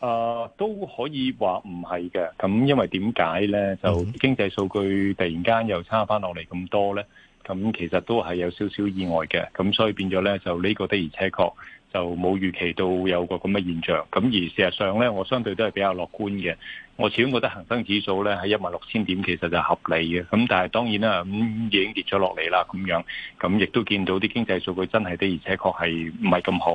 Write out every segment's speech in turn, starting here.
啊，都可以話唔係嘅，咁因為點解呢？就經濟數據突然間又差翻落嚟咁多呢？咁其實都係有少少意外嘅，咁所以變咗呢，就呢個的而且確，就冇預期到有個咁嘅現象，咁而事實上呢，我相對都係比較樂觀嘅。我始終覺得恒生指數呢，喺一萬六千點其實就合理嘅。咁但係當然啦，咁、嗯、已經跌咗落嚟啦，咁樣咁亦都見到啲經濟數據真係的，而且確係唔係咁好。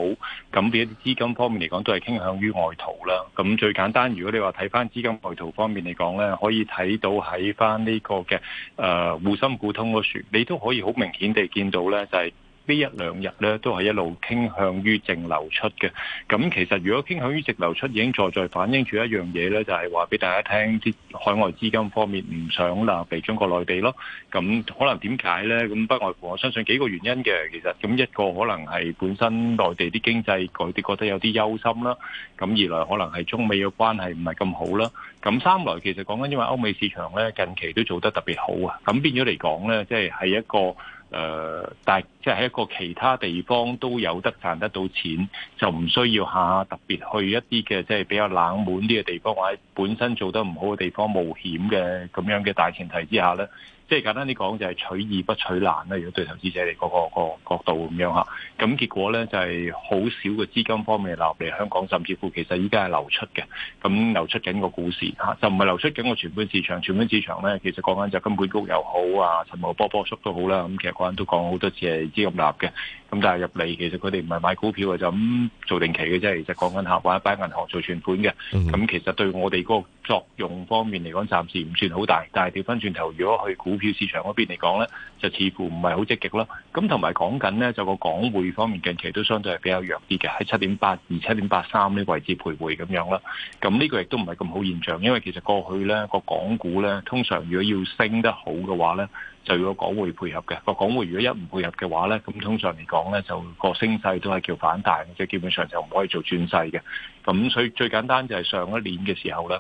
咁啲資金方面嚟講都係傾向於外逃啦。咁最簡單，如果你話睇翻資金外逃方面嚟講呢，可以睇到喺翻呢個嘅誒滬深股通嗰處，你都可以好明顯地見到呢就係、是。呢一兩日咧都係一路傾向於淨流出嘅，咁其實如果傾向於淨流出，已經在在反映住一樣嘢咧，就係話俾大家聽，啲海外資金方面唔想流嚟中國內地咯。咁可能點解咧？咁不外乎我相信幾個原因嘅。其實咁一個可能係本身內地啲經濟，佢哋覺得有啲憂心啦。咁二來可能係中美嘅關係唔係咁好啦。咁三來其實講緊因為歐美市場咧近期都做得特別好啊。咁變咗嚟講咧，即係係一個。誒、呃，但係即係喺一個其他地方都有得賺得到錢，就唔需要下下特別去一啲嘅即係比較冷門啲嘅地方，或者本身做得唔好嘅地方冒險嘅咁樣嘅大前提之下呢。即係簡單啲講，就係取易不取難啦。如果對投資者嚟講個個角度咁樣嚇，咁結果咧就係好少嘅資金方面流入嚟香港，甚至乎其實依家係流出嘅。咁流出緊個股市嚇，就唔係流出緊個存款市場。存款市場咧，其實講緊就金管局又好啊，陳茂波波叔都好啦。咁其實講緊都講好多次係資金立嘅。咁但係入嚟，其實佢哋唔係買股票嘅，就咁做定期嘅啫。其實講緊下，玩一班銀行做存款嘅。咁其實對我哋個作用方面嚟講，暫時唔算好大。但係掉翻轉頭，如果去股市場嗰邊嚟講呢，就似乎唔係好積極啦。咁同埋講緊呢，就個港匯方面近期都相對係比較弱啲嘅，喺七點八二、七點八三呢個位置徘徊咁樣啦。咁呢個亦都唔係咁好現象，因為其實過去呢個港股呢，通常如果要升得好嘅話呢，就要個港匯配合嘅。個港匯如果一唔配合嘅話呢，咁通常嚟講呢，就個升勢都係叫反彈，即係基本上就唔可以做轉勢嘅。咁所以最簡單就係上一年嘅時候呢。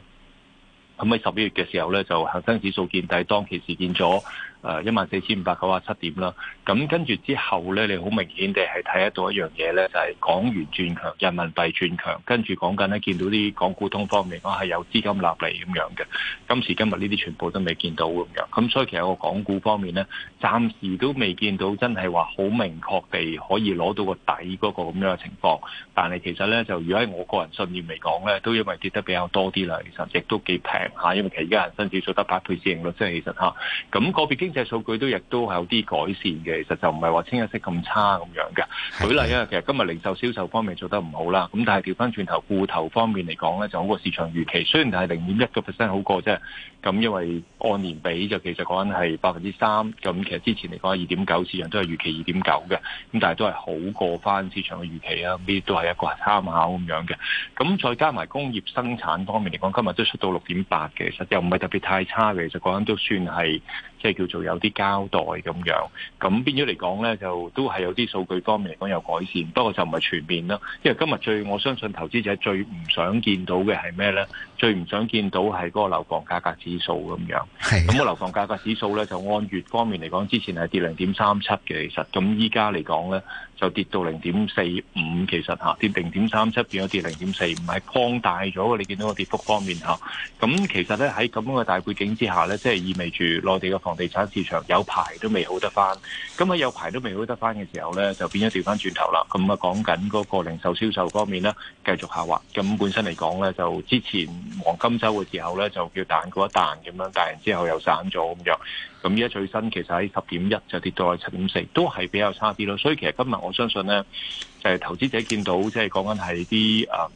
咁喺十一月嘅時候咧，就恒生指數見底，當其時見咗。誒一萬四千五百九啊七點啦，咁跟住之後咧，你好明顯地係睇得到一樣嘢咧，就係港元轉強，人民幣轉強，跟住講緊咧，見到啲港股通方面，我係有資金納嚟咁樣嘅。今時今日呢啲全部都未見到咁樣，咁所以其實個港股方面咧，暫時都未見到真係話好明確地可以攞到個底嗰個咁樣嘅情況。但係其實咧，就如果喺我個人信念嚟講咧，都因為跌得比較多啲啦，其實亦都幾平下，因為其實而家恒生指數得八倍市盈率，即係其實嚇，咁個別經即係數據都亦都係有啲改善嘅，其實就唔係話清一色咁差咁樣嘅。舉例啊，其實今日零售銷售方面做得唔好啦，咁但係調翻轉頭固投方面嚟講咧，就好過市場預期。雖然係零點一個 percent 好過啫，咁因為按年比就其實講緊係百分之三。咁其實之前嚟講係二點九，市場都係預期二點九嘅，咁但係都係好過翻市場嘅預期啊！呢啲都係一個參考咁樣嘅。咁再加埋工業生產方面嚟講，今日都出到六點八嘅，實又唔係特別太差嘅，其實講緊都算係。即係叫做有啲交代咁樣，咁變咗嚟講呢，就都係有啲數據方面嚟講有改善，不過就唔係全面啦。因為今日最我相信投資者最唔想見到嘅係咩呢？最唔想見到係嗰個樓房價格指數咁樣，咁的個樓房價格指數咧就按月方面嚟講，之前係跌零點三七嘅，其實咁依家嚟講咧就跌到零點四五，其實吓跌零點三七變咗跌零點四五，係擴大咗。你見到個跌幅方面吓，咁其實咧喺咁樣嘅大背景之下咧，即係意味住內地嘅房地產市場有排都未好得翻。咁喺有排都未好得翻嘅時候咧，就變咗掉翻轉頭啦。咁啊講緊嗰個零售銷售方面咧，繼續下滑。咁本身嚟講咧，就之前。黃金周嘅時候咧，就叫彈過一、那個、彈咁樣，彈完之後又散咗咁樣。咁依家最新其實喺十點一就跌到去七點四，都係比較差啲咯。所以其實今日我相信咧，就係、是、投資者見到即係講緊係啲誒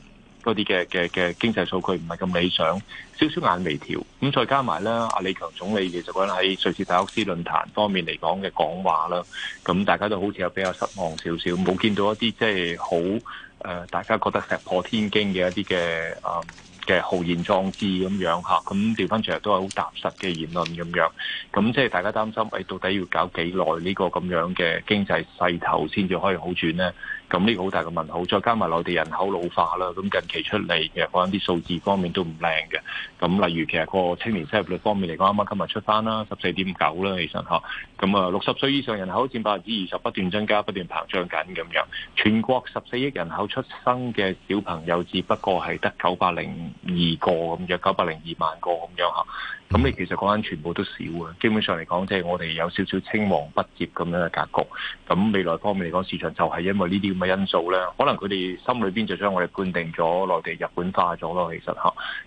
嗰啲嘅嘅嘅經濟數據唔係咁理想，少少眼眉跳。咁再加埋咧，阿李強總理其實講喺瑞士達沃斯論壇方面嚟講嘅講話啦，咁大家都好似有比較失望少少，冇見到一啲即係好誒，大家覺得石破天驚嘅一啲嘅嘅豪言壯志咁樣嚇，咁調翻出嚟都係好踏實嘅言論咁樣，咁即係大家擔心喂到底要搞幾耐呢個咁樣嘅經濟勢頭先至可以好轉呢？咁呢個好大嘅問號，再加埋內地人口老化啦，咁近期出嚟嘅講緊啲數字方面都唔靚嘅，咁例如其實個青年失業率方面嚟講，啱啱今日出翻啦，十四點九啦，其實嚇，咁啊六十歲以上人口佔百分之二十不斷增加，不斷膨脹緊咁樣，全國十四億人口出生嘅小朋友，只不過係得九百零。二個咁嘅九百零二萬個咁樣，咁你其實講緊全部都少嘅，基本上嚟講即係、就是、我哋有少少青黃不接咁樣嘅格局。咁未來方面嚟講，市場就係因為呢啲咁嘅因素咧，可能佢哋心裏邊就將我哋判定咗內地日本化咗咯。其實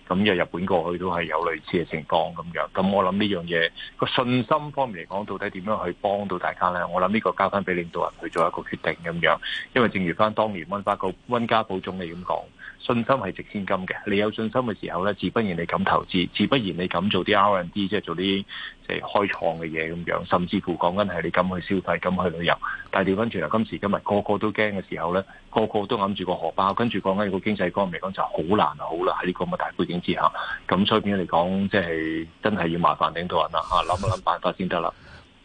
咁因為日本過去都係有類似嘅情況咁樣。咁我諗呢樣嘢個信心方面嚟講，到底點樣去幫到大家咧？我諗呢個交翻俾領導人去做一個決定咁樣，因為正如翻當年温家寶總理咁講。信心係值千金嘅，你有信心嘅時候呢，自不然你敢投資，自不然你敢做啲 R&D 即係做啲即係開創嘅嘢咁樣，甚至乎講緊係你敢去消費、敢去旅遊。但係調翻轉頭，今時今日個個都驚嘅時候呢，個個都揞住個荷包，跟住講緊個經濟方面嚟講就好難好難喺呢個咁嘅大背景之下，咁所以變咗嚟講，即係真係要麻煩領導人啦嚇，諗一諗辦法先得啦。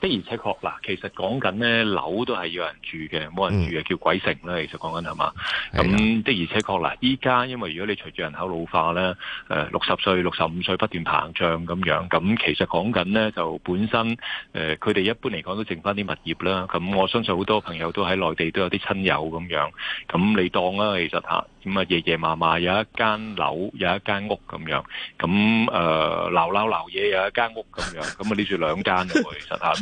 的而且確嗱，其實講緊咧，樓都係有人住嘅，冇人住嘅叫鬼城啦。其實講緊係嘛，咁的而且確啦，依家因為如果你隨住人口老化咧，誒六十歲、六十五歲不斷膨脹咁樣，咁其實講緊咧就本身誒，佢哋一般嚟講都剩翻啲物業啦。咁我相信好多朋友都喺內地都有啲親友咁樣，咁你當啦，其實吓咁啊，爺爺嫲嫲有一間樓，有一間屋咁樣，咁誒鬧鬧鬧嘢有一間屋咁樣，咁啊呢住兩間其實吓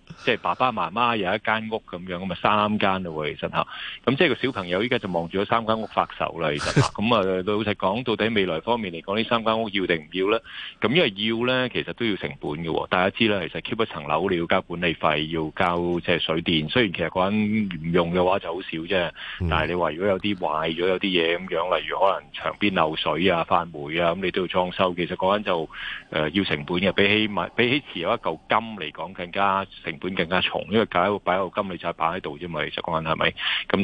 即係爸爸媽媽有一間屋咁樣，咁咪三間咯喎，其實嚇。咁即係個小朋友依家就望住咗三間屋發愁啦，其實嚇。咁啊，老實講到底未來方面嚟講，呢三間屋要定唔要咧？咁因為要咧，其實都要成本嘅。大家知啦，其實 keep 一層樓你要交管理費，要交即係水電。雖然其實嗰陣唔用嘅話就好少啫，但係你話如果有啲壞咗有啲嘢咁樣，例如可能牆邊漏水啊、發黴啊，咁你都要裝修。其實嗰陣就誒要成本嘅，比起物比起持有一嚿金嚟講更加成本。更加重，因為架喺擺個金利債券喺度啫嘛，其實講緊係咪？咁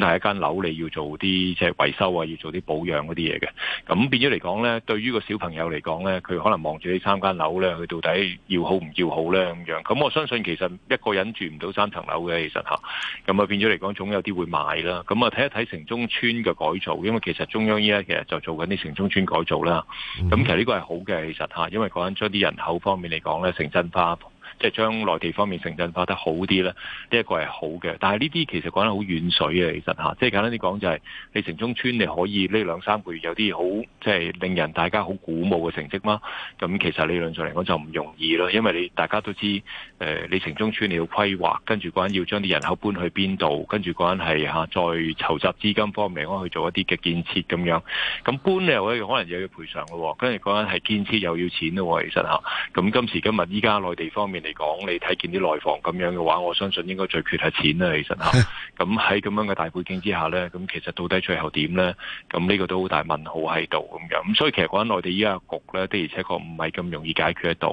但係一間樓你要做啲即係維修啊，要做啲保養嗰啲嘢嘅。咁變咗嚟講咧，對於個小朋友嚟講咧，佢可能望住你三間樓咧，佢到底要好唔要好咧咁樣。咁我相信其實一個人住唔到三層樓嘅，其實吓。咁啊變咗嚟講，總有啲會賣啦。咁啊睇一睇城中村嘅改造，因為其實中央依家其實就做緊啲城中村改造啦。咁其實呢個係好嘅，其實吓，因為講緊將啲人口方面嚟講咧，城鎮化。即係將內地方面城鎮化得好啲咧，呢、這、一個係好嘅。但係呢啲其實講得好遠水嘅，其實、啊、即係簡單啲講、就是，就係你城中村你可以呢兩三個月有啲好，即係令人大家好鼓舞嘅成績嘛。咁其實理論上嚟講就唔容易咯，因為你大家都知，誒、呃、你城中村你要規劃，跟住講緊要將啲人口搬去邊度，跟住講緊係再籌集資金方面，可以做一啲嘅建設咁樣。咁搬又可能又要賠償嘅喎，跟住講緊係建設又要錢咯、啊，其實咁、啊、今時今日依家內地方面。嚟講，你睇見啲內房咁樣嘅話，我相信應該最缺係錢啦，其實吓。咁喺咁樣嘅大背景之下呢，咁其實到底最後點呢？咁呢個都好大問號喺度，咁樣。咁所以其實講緊內地依家局呢，的而且確唔係咁容易解決得到。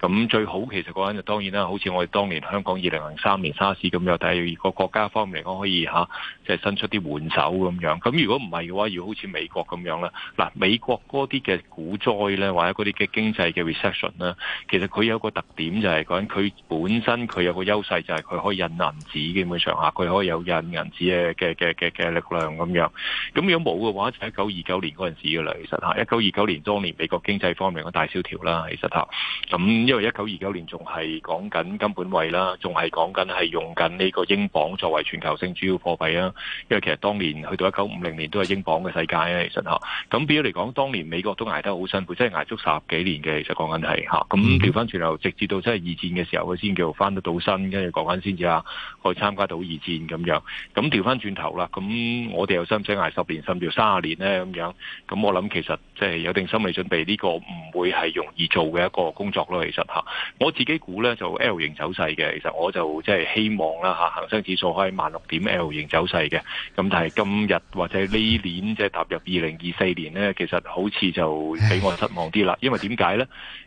咁 最好其實講緊就當然啦，好似我哋當年香港二零零三年沙士咁樣，但係個國家方面嚟講可以吓，即、啊、係、就是、伸出啲援手咁樣。咁如果唔係嘅話，要好似美國咁樣啦，嗱，美國嗰啲嘅股災呢，或者嗰啲嘅經濟嘅 recession 呢，其實佢有個特點就係、是。佢本身佢有個優勢就係佢可以印銀紙，基本上嚇，佢可以有印銀紙嘅嘅嘅嘅力量咁樣。咁如果冇嘅話，就一九二九年嗰陣時噶啦，其實嚇一九二九年當年美國經濟方面嘅大蕭條啦，其實嚇。咁因為一九二九年仲係講緊金本位啦，仲係講緊係用緊呢個英鎊作為全球性主要貨幣啊。因為其實當年去到一九五零年都係英鎊嘅世界啊，其實嚇。咁變咗嚟講，當年美國都捱得好辛苦，即係捱足十幾年嘅，其實講緊係嚇。咁調翻轉頭直至到真係二嘅時候佢先叫翻得到身，跟住講翻先至啊，可以參加到二戰咁樣。咁調翻轉頭啦，咁我哋又使唔使捱十年，甚至三十年呢？咁樣，咁我諗其實即係有定心理準備呢個唔會係容易做嘅一個工作咯。其實吓，我自己估呢，就 L 型走勢嘅。其實我就即係希望啦吓，恒生指數可以萬六點 L 型走勢嘅。咁但係今日或者呢年即係踏入二零二四年呢，其實好似就比我失望啲啦。因為點解呢？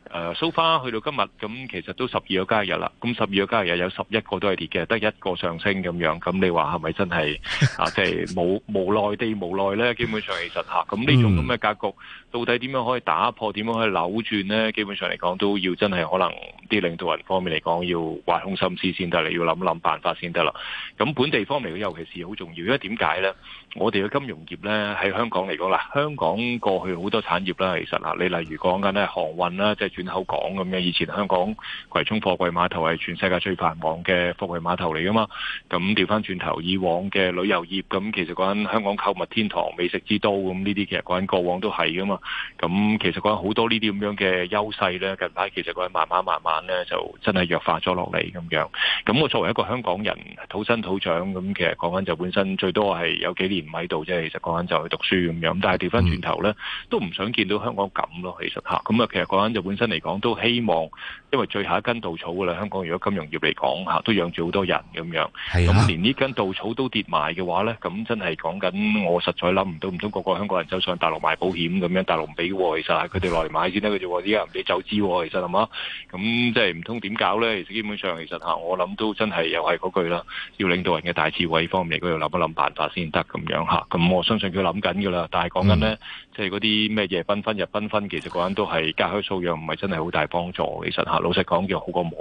誒，數返去到今日，咁其實都十二個交易日啦。咁十二個交易日有十一個都係跌嘅，得一個上升咁樣。咁你話係咪真係啊？即係無無奈地無奈咧？基本上其實吓，咁呢種咁嘅格局到底點樣可以打破？點樣可以扭轉咧？基本上嚟講都要真係可能啲領導人方面嚟講要挖空心思先得，要諗諗辦法先得啦。咁本地方面嚟講，尤其是好重要，因為點解咧？我哋嘅金融業咧，喺香港嚟講啦，香港過去好多產業啦，其實嗱，你例如講緊咧航運啦，即係轉口港咁樣，以前香港葵涌貨櫃碼頭係全世界最繁忙嘅貨櫃碼頭嚟噶嘛，咁調翻轉頭，以往嘅旅遊業咁，其實講緊香港購物天堂、美食之都咁呢啲，其實講緊過往都係噶嘛，咁其實講緊好多呢啲咁樣嘅優勢咧，近排其實講緊慢慢慢慢咧就真係弱化咗落嚟咁樣，咁我作為一個香港人，土生土長咁，其實講緊就本身最多係有幾唔喺度即係，其實嗰陣就去讀書咁樣。但係調翻轉頭呢，嗯、都唔想見到香港咁咯。其實嚇，咁啊，其實嗰陣就本身嚟講都希望，因為最後一根稻草噶啦。香港如果金融業嚟講嚇，都養住好多人咁樣。咁、啊、連呢根稻草都跌埋嘅話呢，咁真係講緊我實在諗唔到，唔通個個香港人走上大陸買保險咁樣？大陸唔俾喎，其實係佢哋落嚟買先得嘅啫喎。依家唔俾走資喎，其實係嘛？咁即係唔通點搞呢？其實基本上其實嚇，我諗都真係又係嗰句啦，要領導人嘅大智慧方面，佢要諗一諗辦法先得咁。樣嚇，咁我相信佢諗緊噶啦，但係講緊咧。嗯。即係嗰啲咩夜繽紛日繽紛，分其實嗰陣都係隔靴搔癢，唔係真係好大幫助。其實嚇，老實講叫好過冇。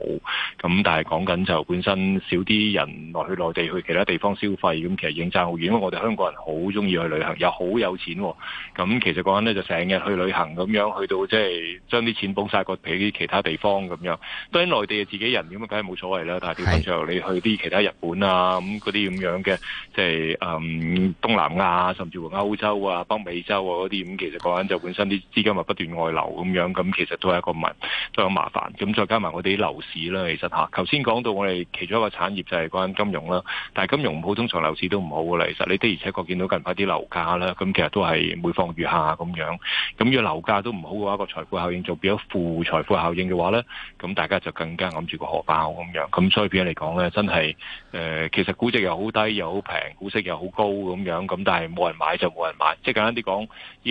咁但係講緊就本身少啲人落去內地去其他地方消費，咁其實已經爭好遠。因為我哋香港人好中意去旅行，又好有錢，哦。咁其實嗰陣咧就成日去旅行，咁樣去到即係將啲錢捧曬過俾其他地方咁樣。當然內地嘅自己人，咁啊梗係冇所謂啦。但係譬如譬如你去啲其他日本啊，咁嗰啲咁樣嘅，即係誒東南亞，甚至乎歐洲啊、北美洲啊嗰啲。咁其實嗰陣就本身啲資金咪不斷外流咁樣，咁其實都係一個問，都有麻煩。咁再加埋我哋啲樓市啦，其實嚇。頭先講到我哋其中一個產業就係關金融啦，但係金融唔好，通常樓市都唔好噶啦。其實你的而且確見到近排啲樓價啦，咁其實都係每況愈下咁樣。咁如果樓價都唔好嘅話，個財富效應就變咗負財富效應嘅話咧，咁大家就更加攬住個荷包咁樣。咁所以變咗嚟講咧，真係誒、呃，其實估值又好低又好平，股息又好高咁樣，咁但係冇人買就冇人買。即係簡單啲講，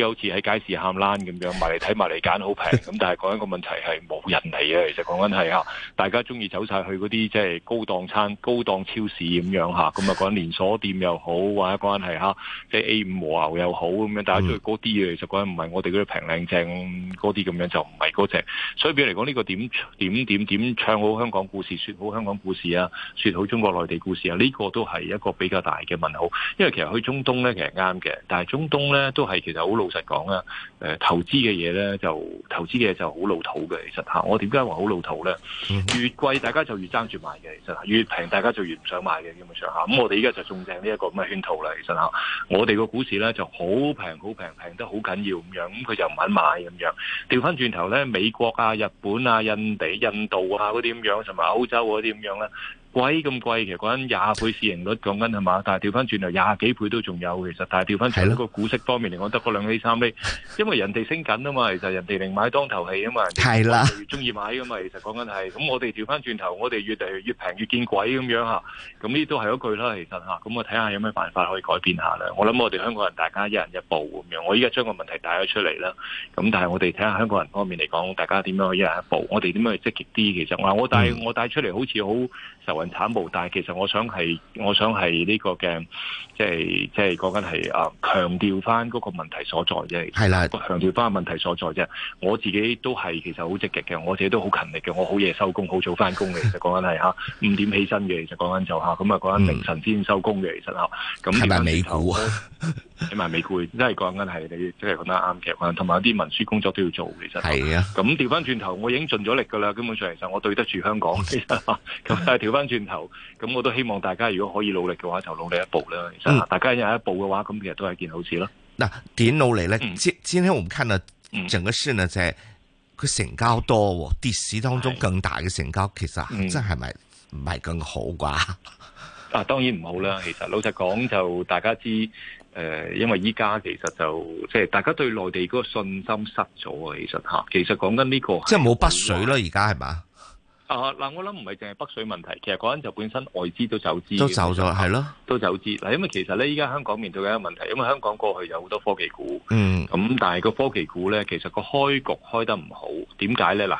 好似喺街市喊欄咁樣，埋嚟睇，埋嚟揀好平，咁但係講一個問題係冇人嚟啊！其實講緊係嚇，大家中意走晒去嗰啲即係高檔餐、高檔超市咁樣嚇，咁啊講連鎖店又好，或者講緊係嚇即係 A 五和牛又好咁樣，大家中意嗰啲嘢，其實講緊唔係我哋嗰啲平靚正嗰啲咁樣，就唔係嗰隻。所以比如嚟講呢個點點點點唱好香港故事、説好香港故事啊，説好中國內地故事啊，呢、呢個都係一個比較大嘅問號。因為其實去中東咧其實啱嘅，但係中東咧都係其實好老。實講啦，誒，投資嘅嘢咧就投資嘅嘢就好老土嘅，其實吓。我點解話好老土咧？越貴大家就越爭住買嘅，其實，越平大家就越唔想買嘅，基本上吓。咁我哋而家就中正呢一個咁嘅圈套啦，其實吓。我哋個股市咧就好平，好平，平得好緊要咁樣，咁佢就唔肯買咁樣。調翻轉頭咧，美國啊、日本啊、印度、印度啊嗰啲咁樣，同埋歐洲嗰啲咁樣咧。鬼咁貴，其實講緊廿倍市盈率，講緊係嘛？但係調翻轉頭廿幾倍都仲有，其實但，但係調翻轉頭個股息方面嚟講得嗰兩釐三釐，因為人哋升緊啊嘛，其實人哋零買當頭氣啊嘛，越中意買啊嘛，其實講緊係。咁的我哋調翻轉頭，我哋越嚟越平越，越見鬼咁樣嚇。咁呢都係一句啦，其實嚇。咁我睇下有咩辦法可以改變下咧。我諗我哋香港人大家一人一步咁樣。我依家將個問題帶咗出嚟啦。咁但係我哋睇下香港人方面嚟講，大家點樣可以一人一步？我哋點樣去積極啲？其實我帶、嗯、我帶出嚟好似好受但係其實我想係，我想係呢個嘅，即係即係講緊係啊，強調翻嗰個問題所在啫。係啦的，強調翻問題所在啫。我自己都係其實好積極嘅，我自己都好勤力嘅，我好夜收工，好早翻工嘅。其實講緊係吓五點起身嘅，嗯、其實講緊就吓咁啊，講緊凌晨先收工嘅，其實吓咁。係咪美股？起碼未攰，真係講緊係你，真係講得啱劇嘛。同埋啲文書工作都要做，其實係啊。咁調翻轉頭，我已經盡咗力噶啦。根本上其實我對得住香港。 其實咁但係調翻轉頭，咁我都希望大家如果可以努力嘅話，就努力一步啦。其實大家有一步嘅話，咁、嗯、其實都係件好事咯。嗱、嗯嗯嗯啊，點努力咧？今今天我唔看到整個市呢，就係、是、佢成交多，跌市當中更大嘅成交，其實真係咪唔係更好啩？啊，當然唔好啦。其實老實講，就大家知道。誒，因為依家其實就即係大家對內地嗰個信心失咗啊，其實吓，其實講緊呢個即係冇北水啦，而家係嘛？啊嗱，我諗唔係淨係北水問題，其實講緊就本身外資都走資，都走咗係咯，都走資。嗱，因為其實咧，依家香港面對緊一個問題，因為香港過去有好多科技股，嗯，咁但係個科技股咧，其實個開局開得唔好，點解咧嗱？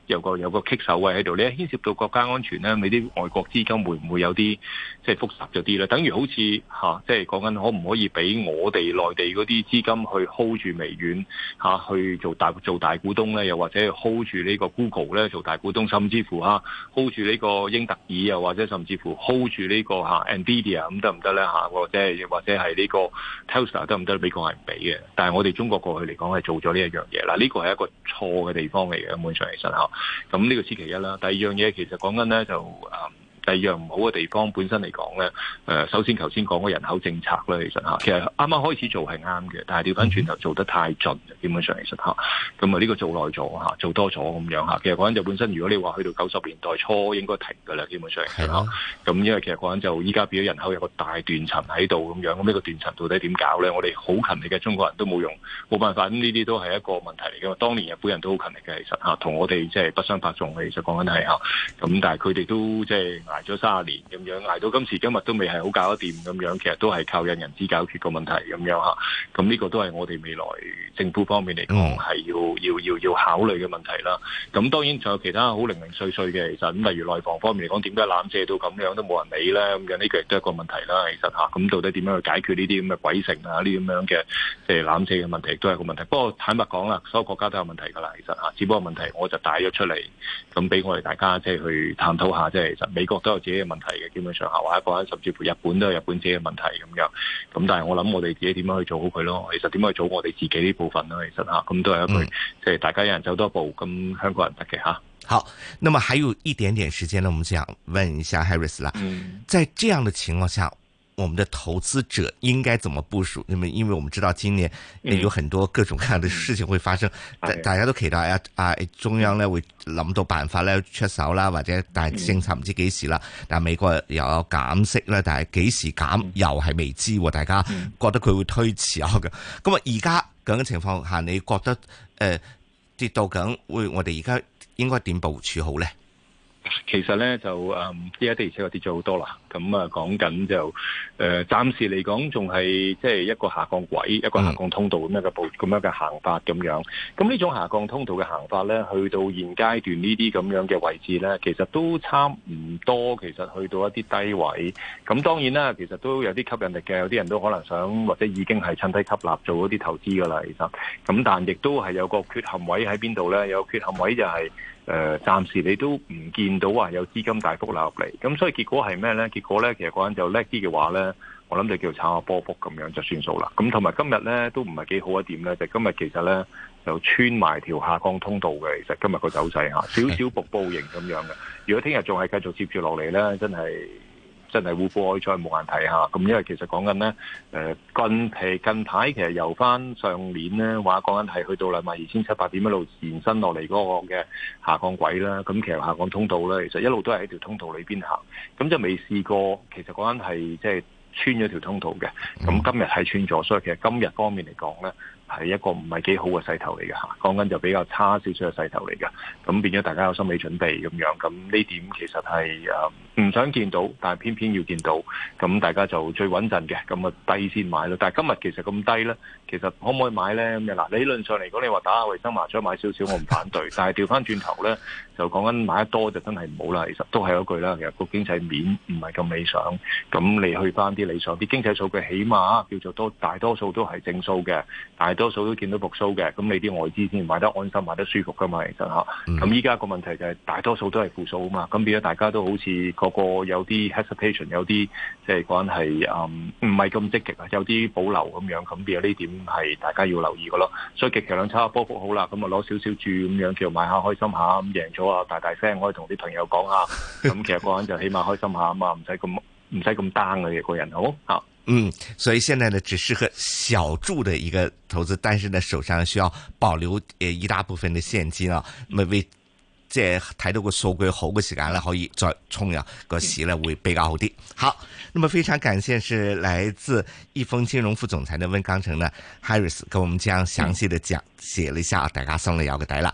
有個有個棘手位喺度，咧、啊、牽涉到國家安全咧。你啲外國資金會唔會有啲即係複雜咗啲咧？等於好似、啊、即係講緊可唔可以俾我哋內地嗰啲資金去 hold 住微軟、啊、去做大做大股東咧？又或者 hold 住個呢個 Google 咧做大股東，甚至乎嚇、啊、hold 住呢個英特爾又或者甚至乎 hold 住、呢個啊、IA，行行呢個 Nvidia 咁得唔得咧？嚇、啊、或者或者係呢個 Tesla 得唔得？美國係唔俾嘅，但係我哋中國過去嚟講係做咗呢一樣嘢啦。呢個係一個錯嘅地方嚟嘅，根本上其實咁呢、嗯這個星期一啦，第二樣嘢其實講緊咧就、嗯第二樣唔好嘅地方，本身嚟講咧，誒，首先頭先講嗰人口政策咧，其實嚇，其實啱啱開始做係啱嘅，但係調翻轉頭做得太盡，mm hmm. 基本上其實嚇，咁啊呢個做耐咗嚇，做多咗咁樣嚇，其實講緊就本身，如果你話去到九十年代初應該停㗎啦，基本上係咁 Yeah. 因為其實講緊就依家變咗人口有個大斷層喺度咁樣，咁呢個斷層到底點搞咧？我哋好勤力嘅中國人都冇用，冇辦法，呢啲都係一個問題嚟嘅。當年日本人都好勤力嘅，其實同我哋即係不相伯仲嘅，其實講緊係嚇，咁但係佢哋都即係。捱咗三十年咁樣，捱到今時今日都未係好搞得掂咁樣，其實都係靠引人資解決個問題咁樣嚇。咁呢個都係我哋未來政府方面嚟講係要要要要考慮嘅問題啦。咁當然仲有其他好零零碎碎嘅，其實例如內房方面嚟講，點解濫借到咁樣都冇人理咧？咁樣呢個亦都係一個問題啦。其實嚇，咁、啊、到底點樣去解決呢啲咁嘅鬼城啊、呢啲咁樣嘅即係濫借嘅問題，都係個問題。不過坦白講啦，所有國家都有問題㗎啦，其實嚇、啊。只不過問題我就帶咗出嚟，咁俾我哋大家即係、就是、去探討下，即係其實美國，都有自己嘅問題嘅，基本上下或者個，甚至乎日本都有日本自己嘅問題咁樣。咁但係我諗我哋自己點樣去做好佢咯？其實點樣去做我哋自己呢部分啦？其實吓，咁都係一句，即係、嗯、大家有人走多步，咁香港人得嘅吓，好，那麼還有一點點時間呢，我們想問一下 Harris 啦。嗯，在這樣的情況下。我們的投資者應該怎麼部署？因為因為我們知道今年有很多各種各樣的事情會發生，大、嗯、大家都期待啊，中央咧會諗到辦法咧出手啦，或者但係政策唔知幾時啦。嗯、但係美國又有減息啦，但係幾時減、嗯、又係未知喎。大家覺得佢會推遲啊？咁咁啊，而家咁嘅情況下，你覺得誒跌、呃、到咁，會我哋而家應該點部署好咧？其實咧就誒，依家的士車價跌咗好多啦。咁啊，講緊就誒，暫時嚟講仲係即係一個下降位，一個下降通道咁樣嘅步，咁樣嘅行法咁樣。咁呢種下降通道嘅行法咧，去到現階段呢啲咁樣嘅位置咧，其實都差唔多。其實去到一啲低位，咁當然啦，其實都有啲吸引力嘅，有啲人都可能想或者已經係趁低吸納做一啲投資噶啦，其實。咁但亦都係有個缺陷位喺邊度咧？有個缺陷位就係、是。誒、呃，暫時你都唔見到話、啊、有資金大幅流入嚟，咁所以結果係咩呢？結果呢，其實個人就叻啲嘅話呢，我諗就叫炒下波幅咁樣就算數啦。咁同埋今日呢，都唔係幾好一點呢。就、今日其實呢，就穿埋條下降通道嘅，其實今日個走勢啊，少少瀑布型咁樣嘅。如果聽日仲係繼續接住落嚟呢，真係～真係互補愛再冇眼睇下。咁因為其實講緊咧，近期近排其實由翻上年咧，話講緊係去到兩萬二千七百點一路延伸落嚟嗰個嘅下降軌啦，咁其實下降通道咧，其實一路都係喺條通道裏邊行，咁就未試過其實講緊係即係穿咗條通道嘅，咁今日係穿咗，所以其實今日方面嚟講咧係一個唔係幾好嘅勢頭嚟嘅嚇，講緊就比較差少少嘅勢頭嚟嘅，咁變咗大家有心理準備咁樣，咁呢點其實係誒唔想見到，但係偏偏要見到，咁大家就最穩陣嘅，咁啊低先買咯。但係今日其實咁低呢，其實可唔可以買呢？咁啊嗱，理論上嚟講，你話打下衛生麻將買少少，我唔反對。但係調翻轉頭呢，就講緊買得多就真係唔好啦。其實都係嗰句啦，其實個經濟面唔係咁理想。咁你去翻啲理想啲經濟數據，起碼叫做多大多數都係正數嘅，大多數都見到復甦嘅。咁你啲外資先買得安心，買得舒服㗎嘛？其實嚇，咁依家個問題就係大多數都係負數啊嘛。咁變咗大家都好似個。有 itation，有個有啲 hesitation，有啲即係個係，嗯，唔係咁積極啊，有啲保留咁樣，咁變咗呢點係大家要留意噶咯。所以極其量差下波幅好啦，咁啊攞少少注咁樣，叫買下開心下，咁贏咗啊大大聲，可以同啲朋友講下。咁其實個人就起碼開心下啊嘛，唔使咁唔使咁 down 嘅一個人好吓。 嗯，所以現在呢只適合小注嘅一個投資，但是呢手上需要保留誒一大部分嘅現金啊，為、嗯。即係睇到個數據好個時間咧，可以再衝入個市咧，會比較好啲好，那麼非常感謝是來自易豐金融副總裁的溫鋼城呢 Harris 給我們這樣詳細的講寫了一下，大家送了要個帶啦。